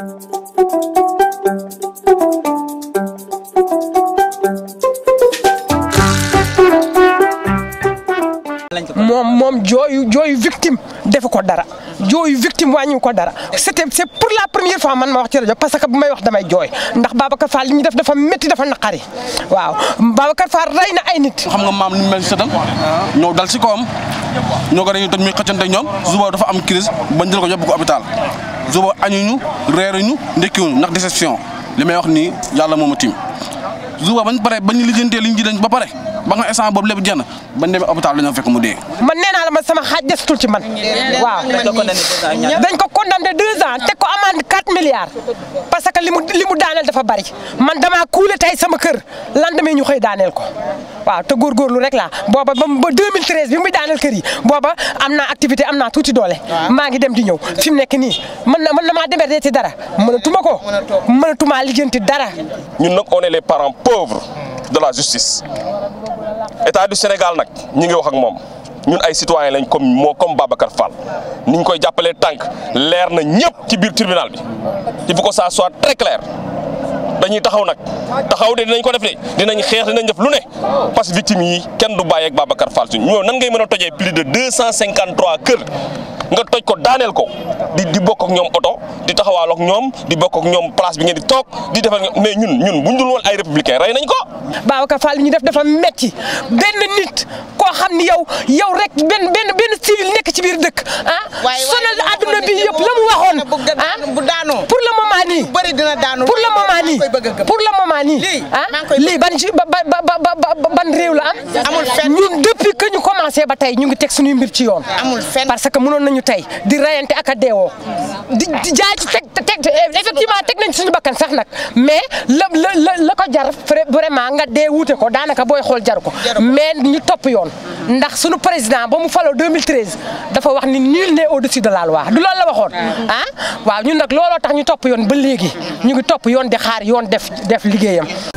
moom moom jooyu jooyu victime defu ko dara jooyu victime wàññiwu ko dara c'était c'est pour la première fois man ma wax ci rajo parce que bu may wax damay jooy ndax Babacar Fall li ñu def dafa métti dafa naqari waaw Babacar Fall rey na ay nit. xam nga maam ni mel si sëtam dal si kawam ñoo ko dañuy toj muy xëccante ñoom suba dafa am crise bañ jël ko yóbbu hôpital. suba añuñu reeruñu ndekkiwuñu ndax déception li may wax nii yàlla moom a tiim suba bañ pare bañ lijjantee liñ ji dañ ba pare. ba nga instant boobu lépp jënd ba ñu demee hôpital dañoo fekk nee naa la man sama xaaj desatul ci man. waaw dañ ko condamné deux ans teg ko amende quatre milliards. parce que li mu li mu daaneel dafa bari man damaa kuule tey sama kër lendemain ñu xëy daaneel ko waaw te lu rek laa booba ba ba 2013 bi muy daaneel kër booba am naa activité am naa tuuti doole. maa ngi dem di ñëw fi mu nekk nii man na mën na maa demee ci dara mënatuma ko mënatuma lijjanti dara. ñun nag on est les parents pauvres de la état du Sénégal nag ñi ngi wax ak moom ñun ay citoyen lañ comme moo comme Babacar Fall ni ñu koy jàppalee tànk leer na ñëpp ci biir tribunal bi il faut que ça soit très clair dañuy taxaw nag taxaw de dinañ ko def de dinañ xeex dinañ def lu ne parce que victime yi kenn du bàyyi ak Babacar Fall suñ ñoo nan ngay mën a tojee plus de deux cent cinquante trois kër nga toj ko daaneel ko di di bokk ak ñoom oto di taxawaal ak ñoom di bokk ak ñoom place bi ngeen di toog di defal mais ñun ñun bu ñu dul woon ay républicain rey nañ ko. Babacar Fall li ñu def dafa metti benn nit koo xam ni yow yow rek benn benn benn civil nekk ci biir dëkk ah. sonal adduna bi yëpp la mu waxoon ah pour le moment nii. pour le moment nii lii ah? ban ban réew la ah? am. ñun dëpp commencé ba tey ñu ngi teg suñuy mbir ci yoon. amul fenn parce que mënoon nañu tey di rayante ak a deewoo. di di jaay ci teg teg eh, effectivement teg nañ ci suñu bakkan sax nag mais la la la ko jar vraiment nga dee wuute ko daanaka booy xool jar ko. mais ñu topp yoon. ndax suñu président ba mu faloo 2013 dafa wax ni nul ne au de la loi du loolu la waxoon. ah, ah? waaw ñu nag looloo tax ñu topp yoon ba léegi. ñu ngi topp yoon di xaar yoon def def liggéeyam.